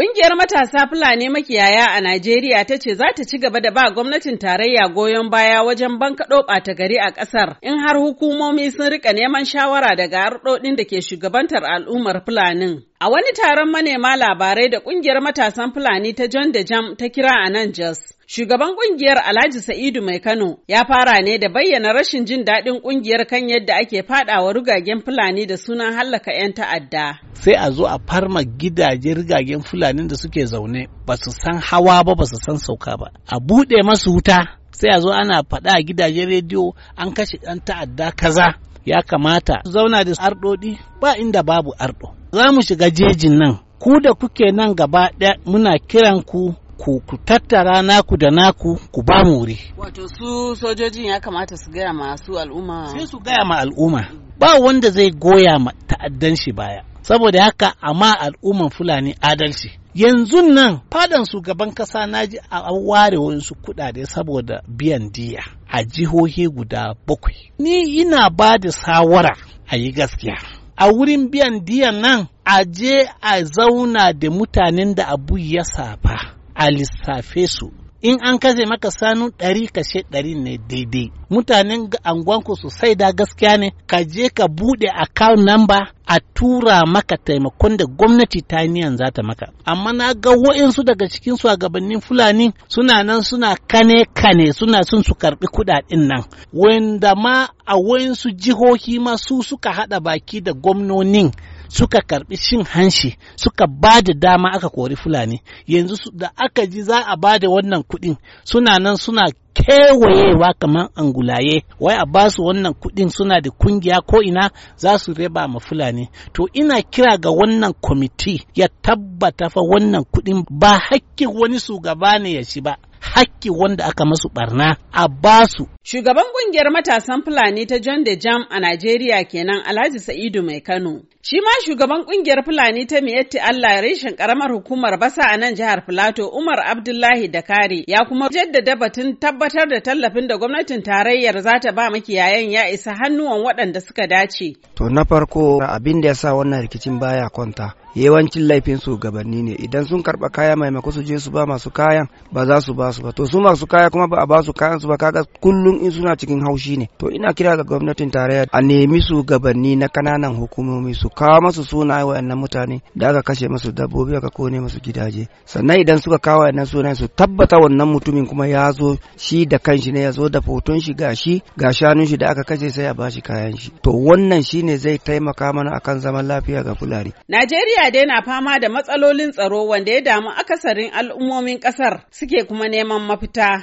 Ƙungiyar matasa Fulani makiyaya a Najeriya ta ce za ta ci gaba da ba gwamnatin tarayya goyon baya wajen bankaɗo ɓata gari a ƙasar in har hukumomi sun rika neman shawara daga harɗoɗin da ke shugabantar al'ummar Fulanin. A wani taron manema labarai da ƙungiyar matasan Fulani ta John da Jam ta kira a nan Jos, Shugaban kungiyar Alhaji Sa'idu Mai Kano ya fara ne da bayyana rashin jin daɗin kungiyar kan yadda ake fadawa rugagen Fulani da sunan hallaka 'yan ta'adda. Sai a zo a farma gidaje rugagen Fulani da suke zaune ba su san hawa ba ba su san sauka ba. A buɗe masu wuta sai a zo ana faɗa a gidajen rediyo an kashe yan ta'adda kaza. Ya kamata zauna da arɗoɗi ba inda babu arɗo. Za mu shiga jejin nan ku da kuke nan gaba ɗaya muna kiran ku ku ku tattara naku da naku ku ba mu wuri wato su sojojin ya kamata su gaya ma su al'umma sai su gaya ma al'umma ba wanda zai goya ma ta'addan shi baya saboda haka amma al'umman fulani adalci yanzu nan fadan su shugaban kasa ji a ware wasu kudade saboda biyan diya a jihohi guda bakwai ni ina ba da sawara a yi gaskiya a wurin biyan diyan nan a je a zauna da mutanen da abu ya safa a lissafe su in an kashe maka sanu ɗari kashe ɗari ne daidai mutanen anguwanku su sai da gaskiya ne ka je ka buɗe account number a tura maka taimakon da gwamnati ta niyan za ta maka amma na ga wa'insu daga cikin gabanin fulani suna nan suna kane kane suna sun su karbi kudaden nan wanda ma a wa'insu jihohi ma su suka haɗa baki da gwamnonin suka karbi cin hanshi suka ba da dama aka kori fulani yanzu da aka ji za a ba da wannan kuɗin suna nan suna kewayewa kamar angulaye wai a ba su wannan kuɗin suna da kungiya ko ina za su reba ma fulani to ina kira ga wannan kwamiti ya tabbata fa wannan kuɗin ba hakkin wani shugaba ne ya shi ba hakki wanda aka masu barna a basu Shugaban kungiyar matasan Fulani ta John de Jam a Najeriya kenan Alhaji Sa'idu Mai Kano. Shi ma shugaban kungiyar Fulani ta Miyatti Allah reshen karamar hukumar Basa a nan jihar Filato Umar Abdullahi Kare. ya kuma jaddada batun tabbatar da tallafin da gwamnatin tarayyar za ta ba makiyayan ya isa hannuwan waɗanda suka dace. To na farko abin da ya sa wannan rikicin baya kwanta yawancin laifin shugabanni ne idan sun karɓa kaya maimako su je su ba masu kayan ba za su ba su ba to su masu kaya kuma ba a ba su kayan su ba kaga kullum kullum in suna cikin haushi ne to ina kira ga gwamnatin tarayya a nemi su gabanni na kananan hukumomi su kawo masu sunaye wayannan mutane da aka kashe masu dabbobi aka kone masu gidaje sannan idan suka kawo wayannan sunaye su tabbata wannan mutumin kuma ya zo shi da kanshi ne ya zo da foton shi ga shi ga shanun shi da aka kashe sai a bashi kayan shi to wannan shine zai taimaka mana akan zaman lafiya ga fulani Najeriya dai na fama da matsalolin tsaro wanda ya damu akasarin al'ummomin kasar suke kuma neman mafita